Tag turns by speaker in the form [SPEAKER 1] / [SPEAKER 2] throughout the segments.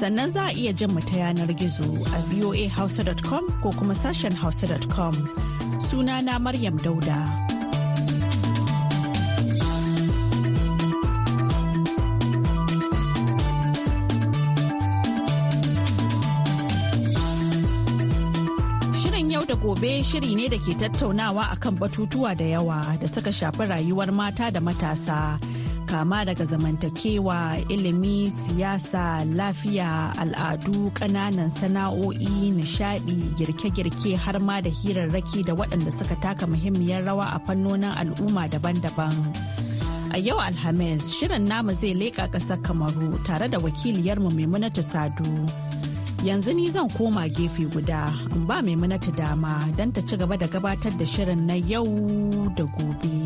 [SPEAKER 1] sannan za a iya jin mu ta yanar gizo a voahausa.com ko kuma sashen hausa.com na maryam dauda. gobe shiri ne da ke tattaunawa akan batutuwa da yawa da suka shafi rayuwar mata da matasa kama daga zamantakewa ilimi siyasa lafiya al'adu kananan sana'o'i nishadi girke-girke har ma da hirarraki da waɗanda suka taka muhimmiyar rawa a fannonin al'umma daban-daban a yau alhamis shirin namu zai leƙa ƙasar kamaru tare da wakiliyarmu maimunatu sadu yanzu ni zan koma gefe guda in ba maimunatu dama don ta ci gaba da gabatar da shirin na yau da gobe.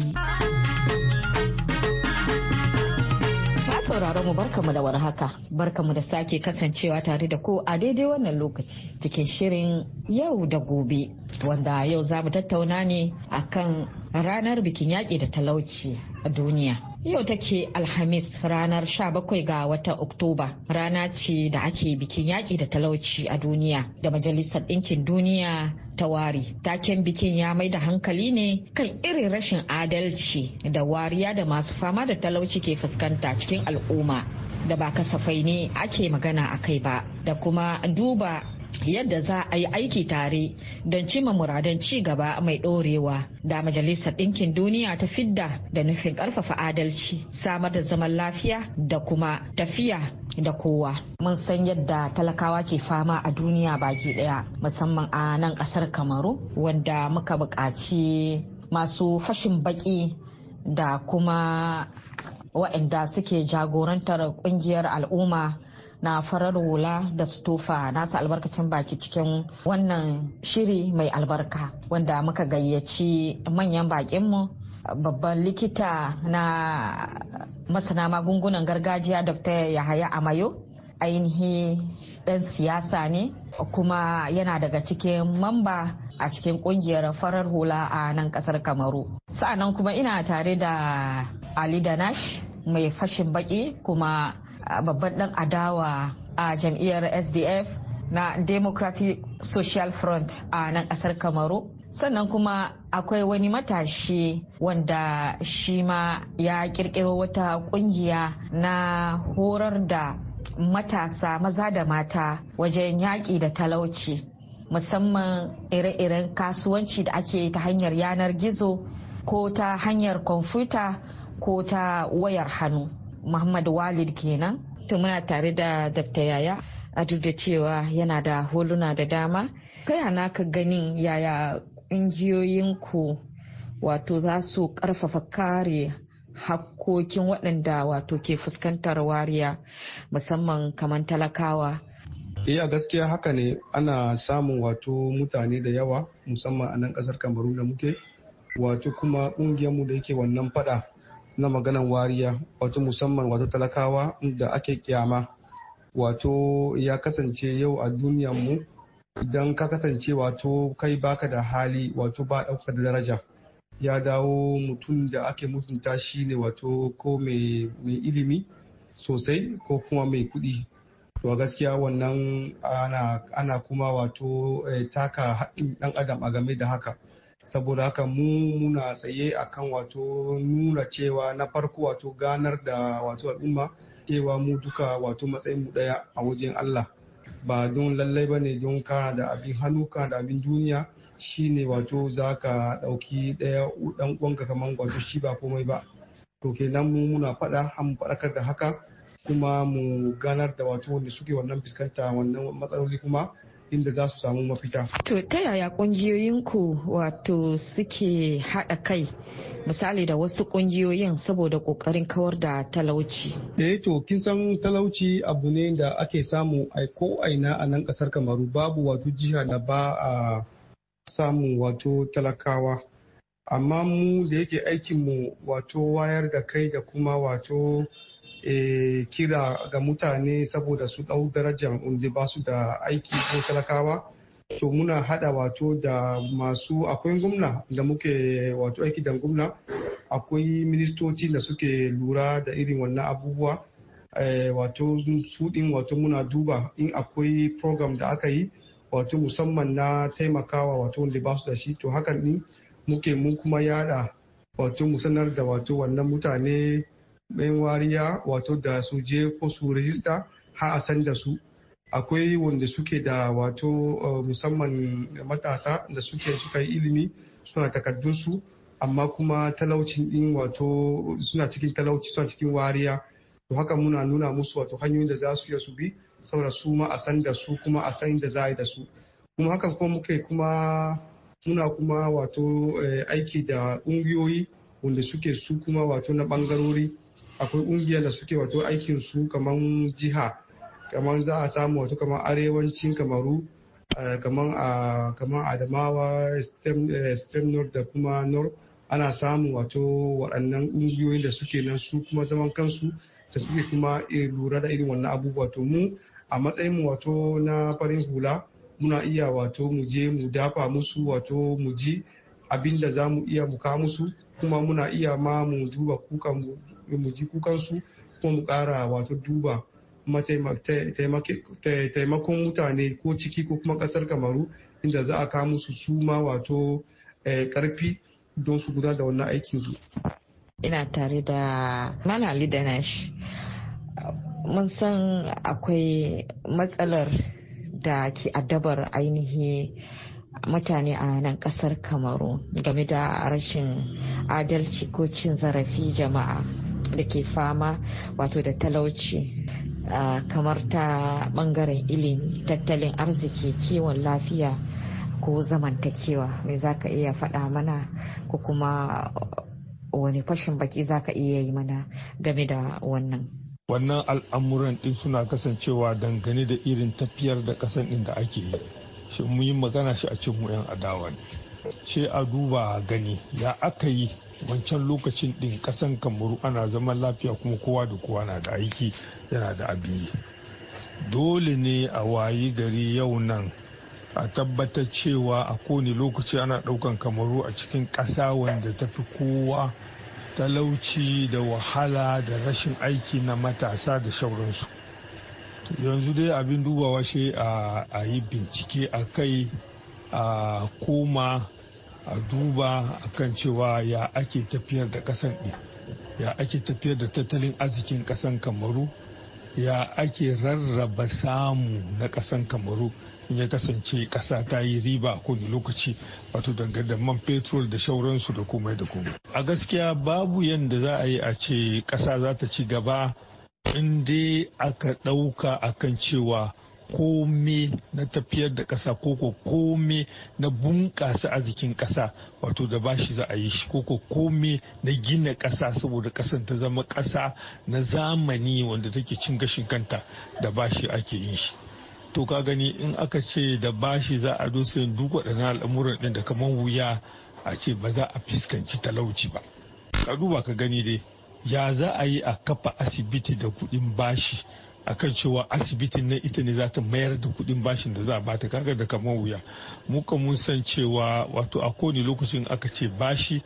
[SPEAKER 1] sauraron mu
[SPEAKER 2] barkamu da warhaka. Barkamu da sake kasancewa tare da ku a daidai wannan lokaci cikin shirin yau da gobe wanda yau za mu tattauna ne akan ranar bikin yaƙi da talauci a duniya. Yau take Alhamis ranar 17 ga watan Oktoba rana ce da ake bikin yaƙi da talauci a duniya da Majalisar Ɗinkin Duniya ta wari. Taken bikin ya mai da hankali ne kan irin rashin adalci da wariya da masu fama da talauci ke fuskanta cikin al'umma da ba kasafai ne ake magana a kai ba da kuma duba yadda za a yi aiki tare don cimma muradan ci gaba mai ɗorewa da majalisar ɗinkin duniya ta fidda da nufin ƙarfafa adalci samar da zaman lafiya da kuma tafiya da kowa. Mun san yadda talakawa ke fama a duniya baki ɗaya musamman a nan ƙasar kamaru wanda muka buƙaci masu fashin baƙi da kuma waɗanda suke jagorantar ƙungiyar al'umma na farar wula da stofa nasa albarkacin baki cikin wannan shiri mai albarka wanda muka gayyaci manyan bakinmu babban likita na masana magungunan gargajiya dr yahaya amayo ainihi dan siyasa ne kuma yana daga cikin mamba a cikin kungiyar farar hula a nan kasar kamaru sa'annan kuma ina tare da ali danash mai fashin baki kuma babban dan adawa a jam'iyyar sdf na democratic social front a nan kasar kamaru sannan kuma akwai wani matashi wanda shi ma ya kirkiro wata kungiya na horar da matasa maza da mata wajen yaƙi da talauci musamman ire-iren kasuwanci da ake ta hanyar yanar gizo ko ta hanyar kwamfuta ko ta wayar hannu Muhammad Walid kenan. To muna tare da Dr. Yaya a duk da cewa yana da holuna da dama. Kai naka ganin yaya ku wato za su ƙarfafa kare hakkokin waɗanda wato ke fuskantar wariya musamman kamar talakawa.
[SPEAKER 3] Iya eh, gaskiya haka ne ana samun wato mutane da yawa musamman a nan ƙasar kamaru da muke wato kuma ƙungiyarmu da yake wannan fada na maganan wariya wato musamman wato talakawa da ake kyama wato ya kasance yau a duniyan idan ka kasance wato kai baka da hali wato ba ɗauka da daraja ya dawo mutum da ake mutunta shi ne wato ko mai ilimi sosai ko kuma mai kuɗi to gaskiya wannan ana, kuma wato eh, taka haɗin ɗan adam a game da haka saboda haka mu muna tsaye akan wato nuna cewa na farko wato ganar da wato al'umma cewa mu duka wato matsayin mu daya a wajen Allah ba don lallai ba ne don kana da abin hannu kana da abin duniya shine wato za ka ɗauki ɗaya ɗan uwanka kamar wato shi ba komai ba to kenan mu muna faɗa an faɗakar da haka kuma mu ganar da wato wanda suke wannan fuskanta wannan matsaloli kuma inda za su samu mafita.
[SPEAKER 2] To ta yaya ƙungiyoyinku ku wato suke haɗa kai misali da wasu ƙungiyoyin saboda kokarin kawar da talauci.
[SPEAKER 3] Eh to kin san talauci abu ne da ake samu a ko aina a nan kasar Kamaru babu wato jiha da ba a samu wato talakawa. Amma mu da yake aikin mu wato wayar da kai da kuma wato Eh, kira ga mutane saboda su ɗau darajar inda ba su da aiki ko talakawa to muna hada wato da masu akwai gwamna da muke wato aiki da gwamna akwai ministoci da suke lura da irin wannan abubuwa eh, wato su wato muna duba in akwai program da aka yi wato musamman na taimakawa wato wanda ba su da shi to hakan din muke mun kuma yada wato mu sanar da wato wannan mutane bayan wariya wato da su je ko su rijista har a san da su akwai wanda suke da wato eh, musamman matasa da suke suka yi ilimi suna takardunsu amma kuma talaucin din wato suna cikin talauci suna cikin wariya to haka muna nuna musu wato hanyoyin da za su iya su bi saboda su ma a san da su kuma a san da za a yi da su kuma hakan kuma muke kuma muna kuma wato eh, aiki da ƙungiyoyi wanda suke su kuma wato na ɓangarori akwai ƙungiyar da suke wato aikin su kamar jiha kamar za a samu wato kamar arewancin kamaru eh, kamar a kamar adamawa stem eh, north da kuma north ana samun wato waɗannan ƙungiyoyin da suke nan su kuma zaman kansu da suke kuma eh, lura da irin wannan abubuwa to mu a matsayin mu wato na farin hula muna iya wato mu je mu dafa musu wato mu ji abin da za mu iya mu musu kuma muna iya ma mu duba kukan mu ji kukansu kuma mu ƙara wato duba taimakon mutane ko ciki ko kuma ƙasar kamaru inda za a kawo musu suma wato eh, ƙarfi don su gudanar da wannan aikinsu.
[SPEAKER 2] ina tare da mana da nashi mun san akwai matsalar da ke adabar ainihi mutane a nan kasar kamaru game da rashin adalci ko cin zarafi jama'a da ke fama wato da talauci kamar ta bangaren ilimi tattalin arziki kiwon lafiya ko zamantakewa me za ka iya faɗa mana ko kuma wani fashin baki za ka iya yi mana game da wannan
[SPEAKER 4] wannan al'amuran din suna kasancewa dangane da irin tafiyar da kasan din da ake yi shi muyi magana shi a cin yan adawa ne ce a duba gani ya aka yi wancan lokacin ɗin ƙasan kamaru ana zaman lafiya kuma kowa da kowa na da aiki yana da abi dole ne a wayi gari yau nan a tabbatar cewa a kowane lokaci ana ɗaukan kamaru a cikin ƙasa wanda ta fi kowa talauci da wahala da rashin aiki na matasa da shauransu yanzu dai abin dubawa shi a yi bincike a kai a koma a duba akan cewa ya ake tafiyar da kasan ɗin ya ake tafiyar da tattalin arzikin kasan kamaru ya ake rarraba samu na kasan kamaru in ya kasance kasa ta yi riba a kowane lokaci wato dangane man fetur da shauransu da komai da komai a gaskiya babu yadda za a yi a ce kasa za ta ci gaba in dai aka ɗauka akan cewa kome na tafiyar da ƙasa ko kome na bunƙasa arzikin ƙasa wato da bashi za a yi shi koko kome na gina ƙasa saboda ƙasan ta zama ƙasa na zamani wanda take cin gashin kanta da bashi ake yin shi to ka gani in aka ce da bashi za a dosa yin duk waɗannan al'amuran ɗin da kamar wuya a ce ba za a fuskanci talauci ba ka duba ka gani dai ya za a yi a kafa asibiti da kuɗin bashi akan cewa asibitin na ita ne za ta mayar da kuɗin bashin da za a bata kaga da kamar wuya muka mun san cewa wato a kowane lokacin aka ce bashi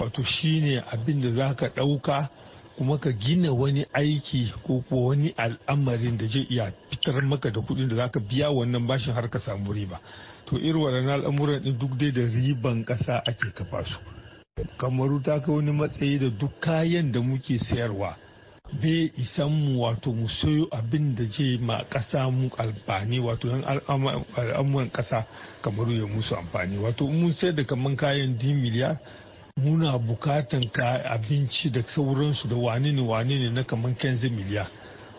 [SPEAKER 4] wato shine abin da za ka ɗauka kuma ka gina wani aiki ko kuwa wani al'amarin da zai iya fitar maka da kuɗin da za ka biya wannan bashin har ka samu riba to irin waɗannan al'amuran duk dai da riban kasa ake kafa su kamaru ta kai wani matsayi da duk kayan da muke sayarwa bai isan mu wato mu sayo abin da je ma kasa mu alfani wato yan al'amuran kasa kamaru ya musu amfani wato mun sayar da kaman kayan di miliyar muna bukatan ka abinci da sauransu da wane ne wane ne na kaman kenzi miliyar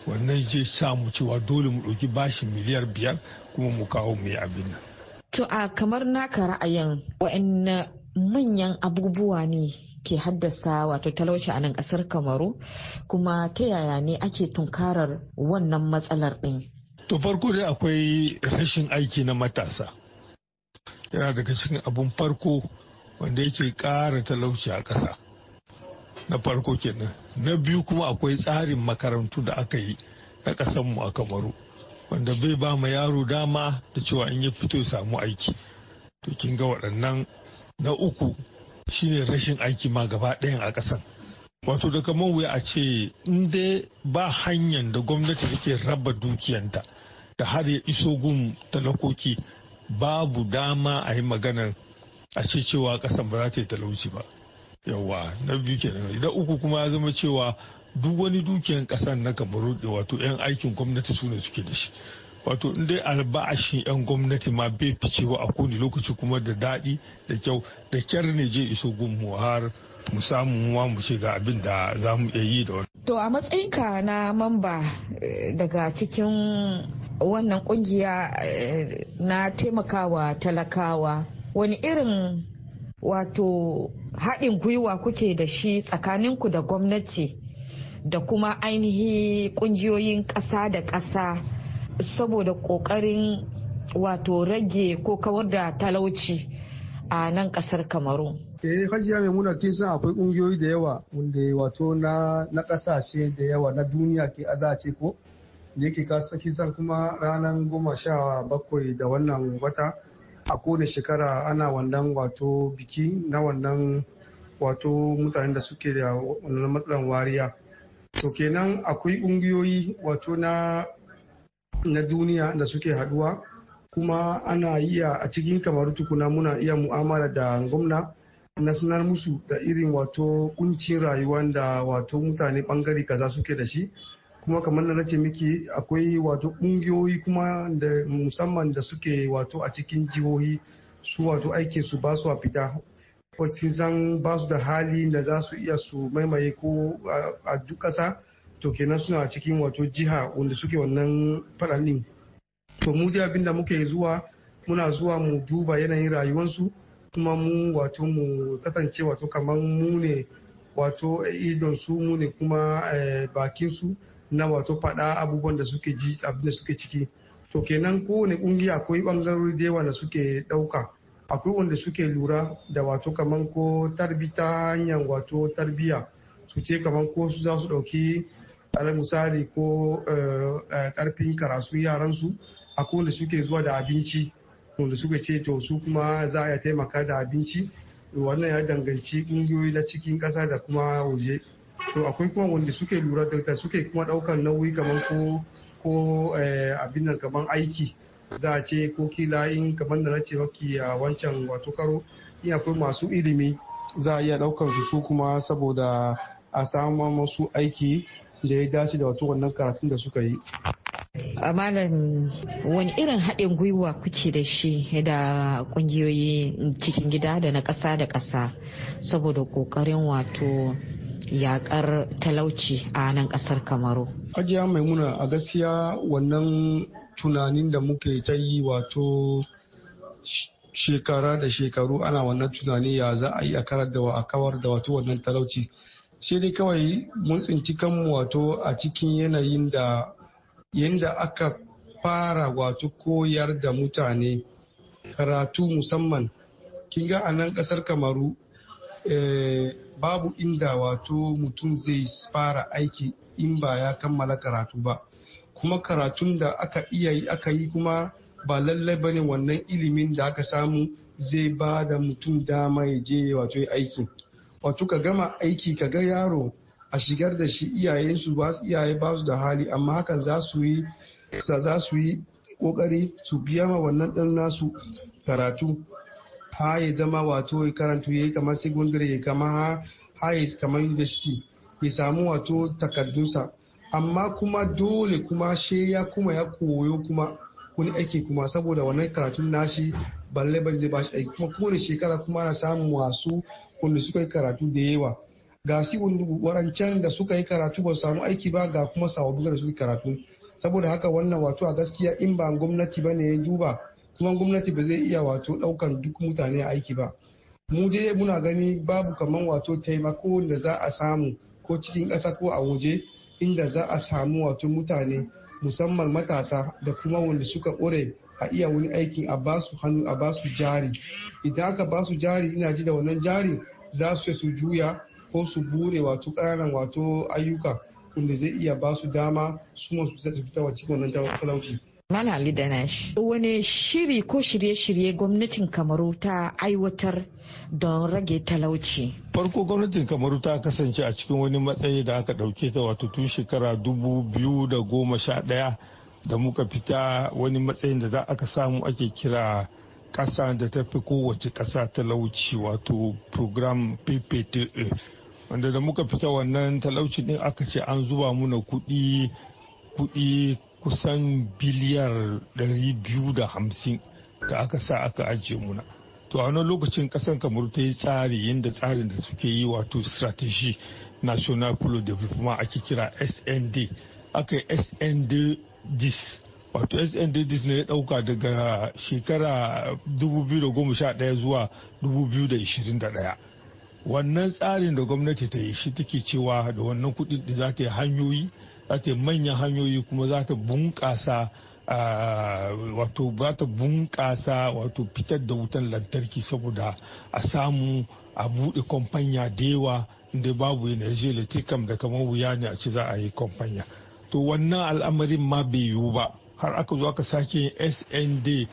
[SPEAKER 4] wannan je mu cewa dole mu ɗauki bashi miliyar biyar kuma mu kawo mu yi abin nan.
[SPEAKER 2] To a kamar naka ra'ayin wa'annan manyan abubuwa ne ke haddasa wato talauci a nan kasar kamaru kuma ta yaya ne ake tunkarar wannan matsalar ɗin.
[SPEAKER 4] to farko dai akwai rashin aiki na matasa yana daga cikin abun farko wanda yake ƙara talauci a ƙasa na farko kenan na biyu kuma akwai tsarin makarantu da aka yi na ƙasanmu a kamaru wanda bai ba ma yaro dama da cewa in ya fito ya samu aiki to kin ga waɗannan na uku shine rashin aiki ma gaba ɗayan a ƙasan wato da kamar a ce in dai ba hanyar da gwamnati take raba dukiyanta da har ya iso gun talakoki babu dama a yi maganar a ce cewa ƙasan ba za ta yi talauci ba yawa na biyu kenan idan uku kuma ya zama cewa duk wani dukiyan ƙasan na kamaru wato 'yan aikin gwamnati su ne suke da shi wato in dai albashin 'yan gwamnati ma bai wa a kowane lokaci kuma da daɗi da kyau da kyar ne je iso gunmu har mu samu mu ga abin da za mu iya yi da wani.
[SPEAKER 2] To a matsayinka na mamba eh, daga cikin wannan kungiya eh, na taimakawa talakawa wani irin wato haɗin gwiwa kuke da shi tsakaninku da gwamnati da kuma ainihi ƙungiyoyin ƙasa da ƙasa saboda kokarin wato rage ko kawar da talauci a nan kasar kamaru
[SPEAKER 3] eh hajiya mai muna kin san akwai kungiyoyi da yawa wanda wato na na kasashe da yawa na duniya ke azace ko da yake kasa kisan kuma ranar goma sha bakwai da wannan wata a kowane shekara ana wannan wato biki na wannan wato mutanen da suke da wannan matsalan wariya to kenan akwai ƙungiyoyi wato na na duniya da suke haduwa kuma ana iya a cikin kamar tukuna muna iya mu'amala da gwamna na sanar musu da irin wato kuncin rayuwa da wato mutane bangare kaza suke da shi kuma kamar na nace miki akwai wato kungiyoyi kuma da musamman da suke wato a cikin jihohi su wato aikin su ba su a fita wacce zan ba su da hali da za su iya su maimaye ko a duk ƙasa to kenan suna cikin wato jiha wanda suke wannan faɗanin to mu dai abin muke zuwa muna zuwa mu duba yanayin rayuwansu kuma mu wato mu kasance wato kamar mu ne wato idon su mu ne kuma eh, bakin na wato faɗa abubuwan da suke ji abin da suke ciki to kenan kowane kungiya akwai bangarori da yawa da suke ɗauka akwai wanda suke lura da wato kamar ko tarbi ta hanyar wato tarbiya su ce kamar ko su za su ɗauki alal misali ko karfin eh, eh, karasu yaransu akwai wanda suke zuwa da abinci wanda suka ce to su kuma za a taimaka da abinci wannan ya danganci ƙungiyoyi na cikin ƙasa da kuma waje to akwai kuma wanda suke lura da suke kuma ɗaukar nauyi kamar ko ko eh, abin nan kamar aiki za a ce ko kila in kamar da na ce maki a wancan wato karo in akwai masu ilimi za a iya ɗaukar su su kuma saboda a samu masu aiki da ya dace da wato wannan karatun da suka yi
[SPEAKER 2] a malam wani irin haɗin gwiwa kuke da shi da ƙungiyoyi cikin gida da na ƙasa da ƙasa saboda ƙoƙarin wato yaƙar talauci a nan ƙasar kamaru ajiya maimuna a
[SPEAKER 3] gaskiya wannan tunanin da muke ta yi wato shekara da shekaru ana wannan tunani ya za a yi a karar da a kawar da wato wannan talauci sai dai kawai mun tsinci kanmu wato a cikin yanayin da yadda aka fara wato koyar da mutane karatu musamman kin ga a nan kasar kamaru eh, babu inda wato mutum zai fara aiki in ba ya kammala karatu ba kuma karatun da aka iya yi aka yi kuma ba lallai ba ne wannan ilimin da aka samu zai ba da mutum dama ya je wato aiki wato ka gama aiki ka ga yaro a shigar da shi iyaye su ba iyaye ba su da hali amma hakan za su yi za su yi kokari su biya ma wannan ɗan nasu karatu ha ya zama wato ya karantu ya yi kamar secondary ya kama ha ya kamar university ya samu wato takardunsa amma kuma dole kuma she ya kuma ya koyo kuma kuni aiki kuma saboda wannan karatun nashi balle ba zai aiki kuma kowane shekara kuma na samun wasu wanda suka yi karatu da yawa ga si warancan da suka yi karatu ba samu aiki ba ga kuma sababbin da suka yi karatu saboda haka wannan wato a gaskiya in ba gwamnati ba ne ya duba kuma gwamnati ba zai iya wato daukan duk mutane a aiki ba mu dai muna gani babu kamar wato taimako da za a samu ko cikin ƙasa ko a waje inda za a samu wato mutane musamman matasa da kuma wanda suka ƙure a iya wani aikin a basu hannu a basu jari idan aka basu jari ina ji da wannan jari za su su juya ko su bure wato ƙananan wato ayyuka wanda zai iya ba su dama su masu su fita wa cikin wannan talauci.
[SPEAKER 2] Mana Ali Danash, wani shiri ko shirye-shirye gwamnatin Kamaru ta aiwatar don rage talauci?
[SPEAKER 4] Farko gwamnatin Kamaru ta kasance a cikin wani matsayi da aka ɗauke ta wato tun shekara dubu biyu da goma sha ɗaya da muka fita wani matsayin da za aka samu ake kira ƙasa da ta fi kowace ƙasa talauci wato program PPTA. wanda da muka fita wannan talauci din aka ce an zuba muna kuɗi kuɗi kusan biliyar 250 da aka sa aka ajiye muna to a wani lokacin kasan kamar ta yi tsari yadda tsarin da suke yi wato strategy national plo development ake kira snd aka yi snd dis wato SNDDs ne ya dauka daga shekara 2011 zuwa 2021 wannan tsarin da gwamnati ta yi shi take cewa da wannan kudin da za ta yi hanyoyi za ta yi manyan hanyoyi kuma za ta bunƙasa wato ba ta bunƙasa wato fitar da wutan lantarki saboda a samu a buɗe kwamfanya da yawa inda babu energy electric kam da kamar wuya ne a ce za a yi kwamfanya to wannan al'amarin ma bai yiwu ba har aka zo aka sake snd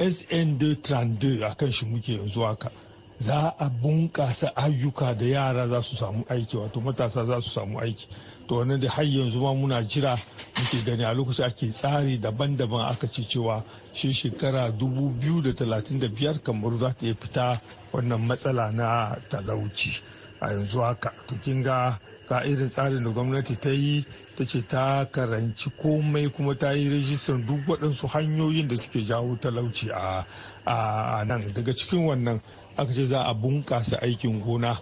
[SPEAKER 4] snd 32 a kan shi muke yanzu haka za a bunƙasa ayyuka da yara za su samu aiki wato matasa za su samu aiki to wannan da har yanzu ma muna jira muke gani a lokaci ake tsari daban-daban aka ce cewa shi shekara 2035 kamar za ta iya fita wannan matsala na talauci a yanzu haka to kin ga ga irin tsarin da gwamnati ta yi ta ce ta karanci komai kuma ta yi rijistar duk waɗansu hanyoyin da suke jawo talauci a nan daga cikin wannan aka ce za a bunƙasa aikin gona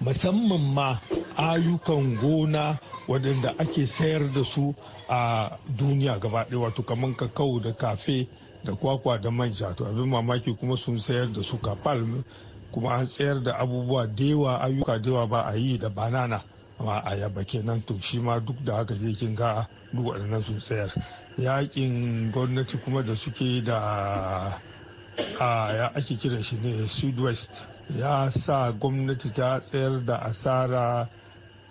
[SPEAKER 4] musamman ma ayyukan gona waɗanda ake sayar da su a duniya gaba ɗaya wato kamar kakau da kafe da kwakwa da manja to abin mamaki kuma sun sayar da su kafal kuma an tsayar da abubuwa dewa ayyuka dewa ba a yi da banana ma yaba kenan to shi ma duk da haka zai kin ga duk waɗannan sun tsayar yakin gwamnati kuma da suke da a ya ake kiran shi ne sudwest ya sa gwamnati ta tsayar da asara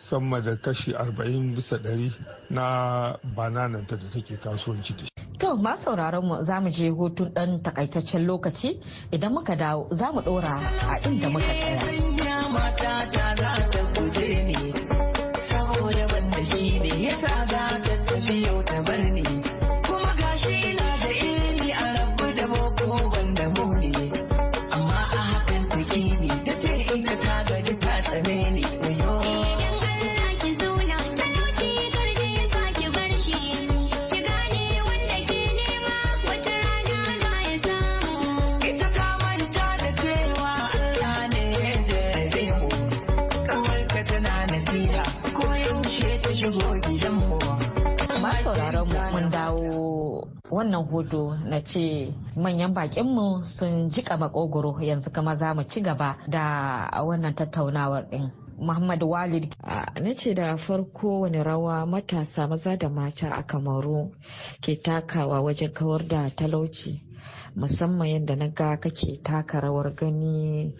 [SPEAKER 4] sama da kashi 40 bisa ɗari na banananta da take kasuwanci da shi.
[SPEAKER 2] To ma sauraron mu za mu je hutun dan takaitaccen lokaci idan muka dawo za mu ɗora a inda muka tsaya. wannan hudu na ce manyan bakinmu sun jika makogoro yanzu kama za mu ci gaba da wannan tattaunawar din. Muhammad Walid na ce da farko wani rawa matasa maza da mata a Kamaru ke takawa wajen kawar da talauci musamman yadda na ga kake taka rawar gani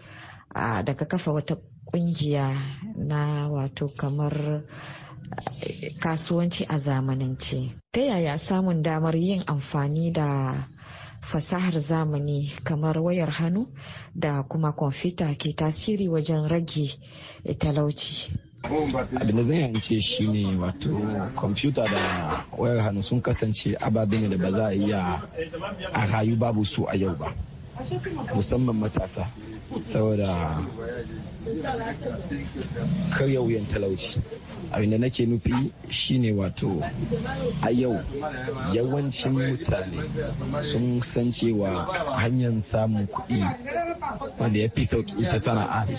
[SPEAKER 2] daga kafa wata kungiya na wato kamar kasuwanci a zamanance ta yaya samun damar yin amfani da fasahar zamani kamar wayar hannu da kuma kwamfuta ke tasiri wajen rage talauci
[SPEAKER 5] abin da zan yance shi ne wato kwamfuta da wayar hannu sun kasance ababe ne da ba za a iya a rayu babu su a yau ba musamman matasa saboda karya wuyan talauci abinda nake nufi shine wato a yau yawancin mutane sun san cewa hanyar samun kuɗi wanda ya fi sauki ita sana'a ne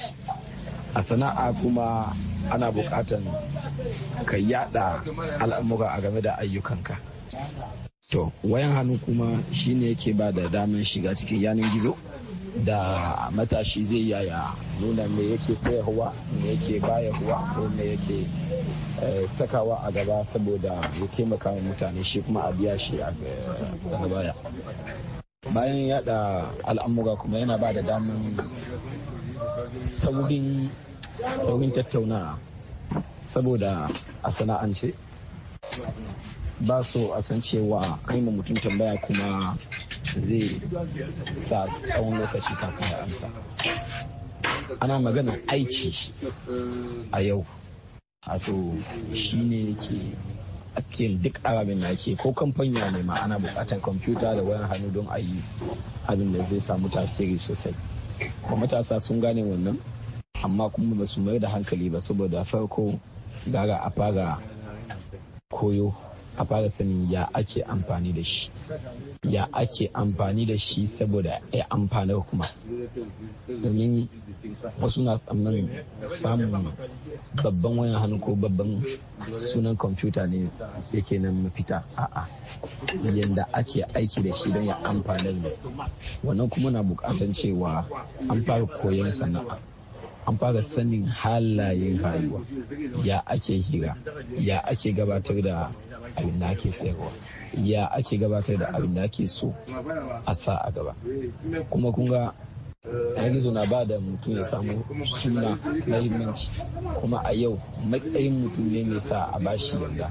[SPEAKER 5] a sana'a kuma ana buƙatan ka yada al'amura a game da ayyukanka To, wayan hannu kuma shine yake ba da damar shiga cikin yanar gizo da matashi zai yaya nuna me yake sayarwa me yake bayarwa ko me yake eh, sakawa a gaba saboda ya taimaka mutane shi kuma a biya shi a eh, baya. Bayan yada al'amura kuma yana ba da damar saurin tattaunawa saboda a sana'ance ba so a san cewa an yi mutum tambaya kuma zai sa tsawon lokaci kafin ya amsa ana magana aiki a yau a to shi ne ke ake duk abin da ake ko kamfanya ne ma ana bukatar kwamfuta da wayan hannu don a yi abin da zai samu tasiri sosai ko matasa sun gane wannan amma kuma ba su mayar da hankali ba saboda farko gara a fara koyo a fara sanin ya ake amfani da shi ya ake amfani da shi saboda ya amfana kuma domin wasu na tsammanin samun babban wayan hannu ko babban sunan kwamfuta ne yake nan mafita a'a yadda ake aiki da shi don ya da wannan kuma na bukatan cewa an fara koyon sana'a an fara sanin halayen rayuwa ya ake hira ya ake gabatar da abin da ake sayarwa ya ake gabatar da abin da ake so a sa a gaba kuma kun ga gizo na ba da mutum ya samu suna mahimmanci kuma a yau matsayin mutum ne mai sa a bashi yanda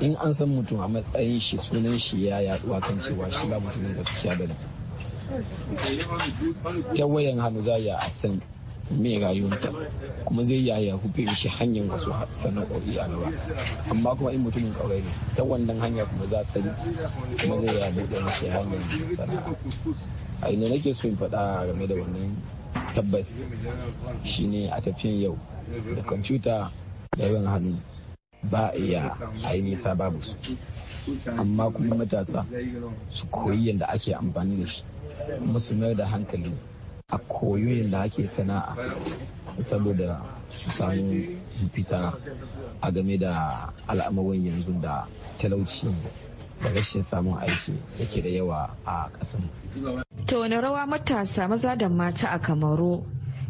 [SPEAKER 5] in an san mutum a matsayin shi sunan shi ya yaduwa kan cewa shi ba mutumin gaskiya bane ta wayan hannu za a san mai rayuwarsa kuma zai yaya ya hufe shi hanyar wasu sana'o'i a gaba amma kuma in mutumin kawai ne ta wannan hanya kuma za sani kuma zai ya buɗe mishi hanyar sana'a a ina nake so in faɗa game da wannan tabbas shine a tafiyan yau da kwamfuta da yawan hannu ba iya a yi nisa babu su amma kuma matasa su koyi yadda ake amfani da shi musu mayar da hankali a koyoyin da ake sana'a saboda su samu fita a game da al'amarin yanzu da talauci da rashin samun aiki yake da yawa a ƙasar.
[SPEAKER 2] To rawa matasa maza da mata a Kamaru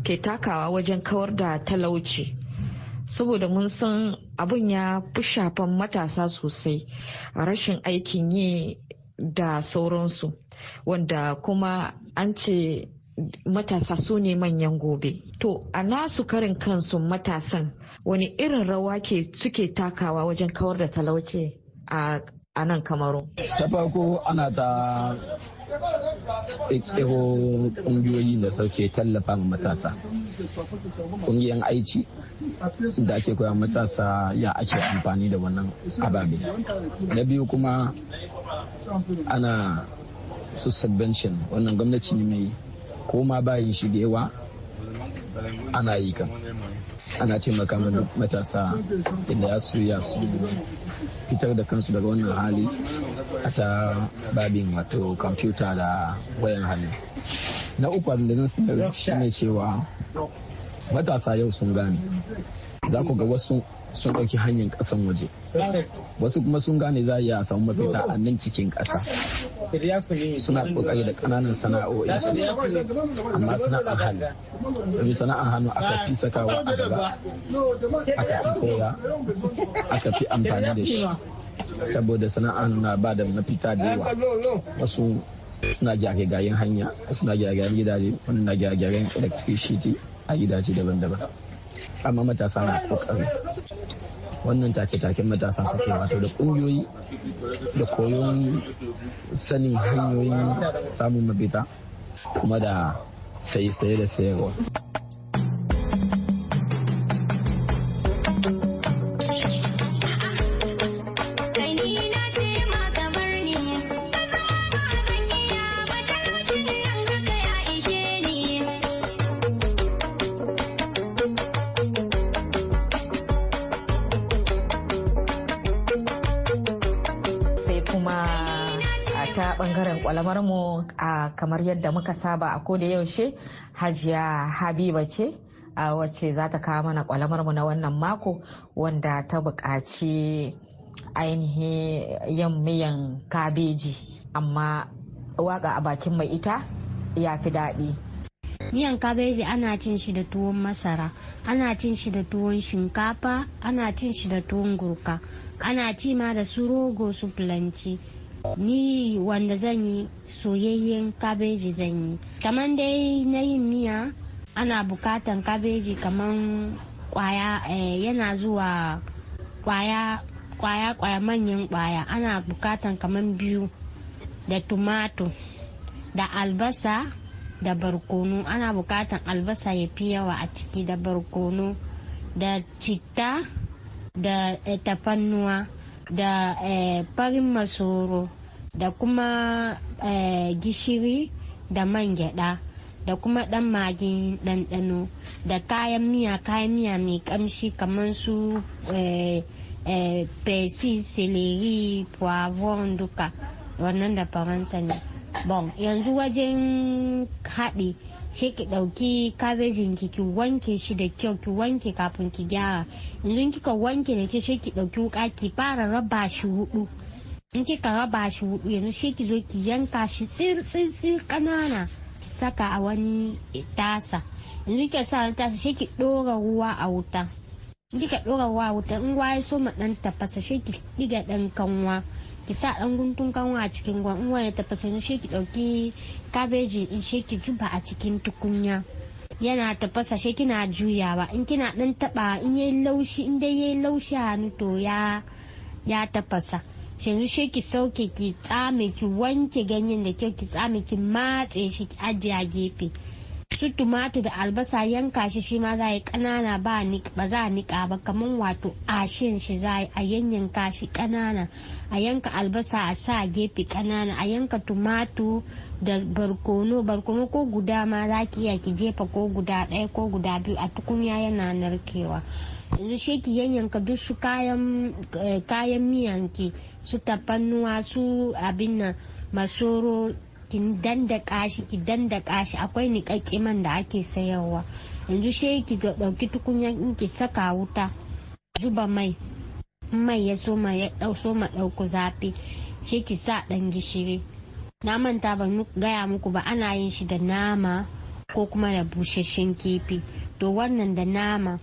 [SPEAKER 2] ke takawa wajen kawar da talauci. Saboda mun san abin ya fi shafan matasa sosai rashin aikin yi da sauransu wanda kuma an ce matasa su ne manyan gobe. To, a nasu karin kansu matasan wani irin rawa ke suke takawa wajen kawar da talauci a nan kamaru. Ta farko ana
[SPEAKER 5] ta tsiro kungiyoyi da sauke tallafa ma matasa. Kungiyan aiki da ake koya matasa ya ake amfani da wannan ababe. Na biyu kuma ana su subvention wannan gwamnati ne mai ko ma da yawa ana yi kan ana taimaka matasa inda ya su ya su fitar da kansu daga wannan hali a ta babin wato kwamfuta da wayan hali na uku da sinar shi ne cewa matasa yau sun gane za ku ga wasu sun ɗauki hanyar ƙasan waje wasu kuma sun gane za a samu mafita a nan cikin ƙasa suna ƙoƙari da ƙananan sana'o'i amma sana'ar hannu domin sana'ar hannu aka fi sakawa a gaba
[SPEAKER 6] aka fi koya aka fi amfani da shi
[SPEAKER 5] saboda sana'ar na ba da mafita da yawa wasu suna gyare gayen hanya suna gyare-gyaren gidaje wani na gyare-gyaren electricity a gidaje daban-daban amma matasa na kokari wannan take-taken matasa suke wato da kungiyoyi da koyon sanin hanyoyin samun mafita kuma da saye-saye da sayarwa
[SPEAKER 2] kamar yadda muka saba a koda yaushe hajiya habiba ce a wacce za ta kawo mana kwalamar mu na wannan mako wanda ta bukaci ainihin yin miyan kabeji amma waka a bakin mai ita ya fi daɗi
[SPEAKER 6] miyan kabeji ana cin shi da tuwon masara ana cin shi da tuwon shinkafa ana cin shi da tuwon gurka ana ci ma da su rogo su fulanci ni wanda zan yi soyayyen kabeji zan yi kamar dai na yin miya ana bukatan kabeji kamar kwaya eh, yana zuwa kwaya kwaya kwaya manyan kwaya ana bukatan kamar biyu da tumatur da albasa da barkono ana bukatan albasa ya fi yawa a ciki da barkono da citta da eh, tafannuwa da eh, farin masoro da kuma eh, gishiri da man gyada da kuma dan magi ɗanɗano da kayan miya kayan miya mai kamshi kamar su eh, pesi seleri poivron duka wannan da faransa ne bon yanzu wajen haɗi sai ki ɗauki kabejin ki ki wanke shi da kyau ki wanke kafin ki gyara idan kika wanke da kyau sai ki ɗauki wuka ki fara raba shi hudu in kika raba shi hudu yanzu sai ki zo ki yanka shi tsir tsir tsir ƙanana saka a wani tasa yanzu kika sa wani tasa sai ki ɗora ruwa a wuta in kika ɗora ruwa a wuta in ruwa ya so ma ɗan tafasa sai ki ɗiga ɗan kanwa ki sa dan guntun kanwa a cikin gwan in ya tafasa shi ki dauki kabeji in shi ki zuba a cikin tukunya yana tafasa shi kina juyawa in kina dan taba in yayi laushi in dai yayi laushi hannu to ya ya tafasa yanzu shi ki sauke ki tsame ki wanke ganyen da kyau ki tsame ki matse shi ki ajiye a gefe su tumatur da albasa yanka shi shi ma za yi kanana ba ba za niƙa ba kamar wato ashin shi za a yanyanka shi kanana a yanka albasa a sa gefe kanana a yanka tumatur da barkono barkono ko guda ma za ki iya ki jefa ko guda ɗaya ko guda biyu a tukunya yana narkewa yanzu shi ki yanyanka duk su kayan eh, kayan miyanki su tafannuwa su abin nan masoro kin dandaka shi ki dandaka shi akwai niƙaƙƙi man da ake sayarwa yanzu sai ki ɗauki tukunya in ki saka wuta zuba mai mai ya soma ya soma ɗauko zafi sai ki sa ɗan gishiri na manta ban gaya muku ba ana yin shi da nama ko kuma da busasshen kifi to wannan da nama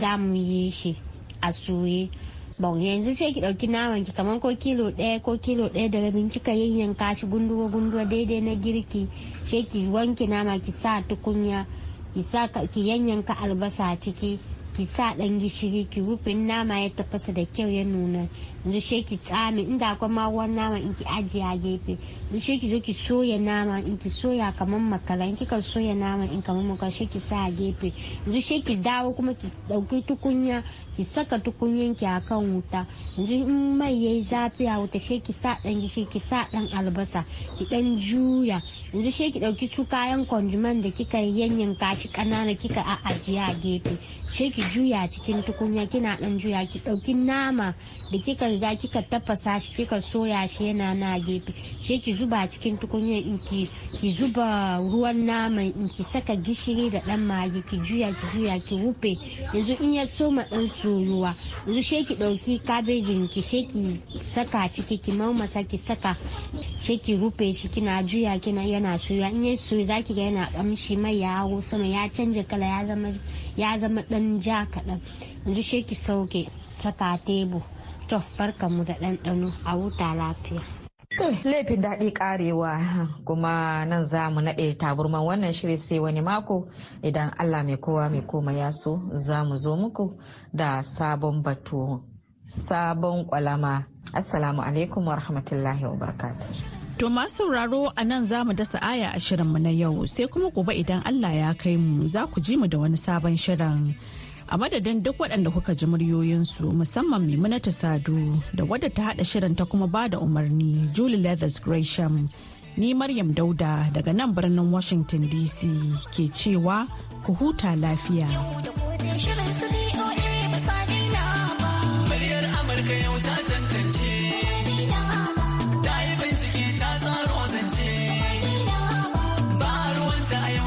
[SPEAKER 6] za mu yi shi a soye bon yanzu sai ki dauki naman ki kamar ko kilo ɗaya ko kilo ɗaya da rabin kika yayyanka shi gunduwa gunduwa daidai na girki sai ki wanke nama ki sa tukunya ki sa ki yanyanka albasa ciki ki sa dan gishiri ki rufe nama ya tafasa da kyau ya nuna yanzu she ki tsame inda akwai mawon nama in ki ajiye a gefe yanzu she ki zo ki soya nama in ki soya kamar makara in kika soya nama in kamar makara she ki sa a gefe yanzu she ki dawo kuma ki dauki tukunya ki saka tukunyan ki akan wuta yanzu in mai yayi zafi a wuta she ki sa dan gishiri ki sa dan albasa ki dan juya yanzu she ki dauki su kayan kondiman da kika yanyanka shi kanana kika a ajiye a gefe she ki juya cikin tukunya kina dan juya ki dauki nama da kika riga kika tafasa shi kika soya shi yana na gefe shi ki zuba cikin tukunya in ki ki zuba ruwan nama in ki saka gishiri da dan magi ki juya ki juya ki rufe yanzu in ya soma dan soyuwa yanzu shi ki dauki kabejin ki shi ki saka ciki ki maumasa ki saka shi ki rufe shi kina juya kina yana soyuwa in ya soyu zaki ga yana kamshi mai ya sama ya canja kala ya zama ya zama dan ja ja kaɗan yanzu sheki sauke saka tebu to mu da ɗanɗano a wuta lafiya
[SPEAKER 2] laifin daɗi karewa kuma nan za mu naɗe taburman wannan shirin sai wani mako idan allah mai kowa mai koma ya so za mu zo muku da sabon batu sabon kwalama assalamu alaikum wa rahmatullahi wa barakatu
[SPEAKER 1] To masu sauraro a nan za mu dasa aya a shirinmu na yau sai kuma gobe idan Allah ya kai mu za ku ji mu da wani sabon shirin. a madadin duk waɗanda kuka ji muryoyinsu musamman ta sadu da wadda ta haɗa shirin ta kuma ba da umarni julie leathers gresham ni maryam dauda daga nan birnin washington dc ke cewa ku huta lafiya Muryar yau ta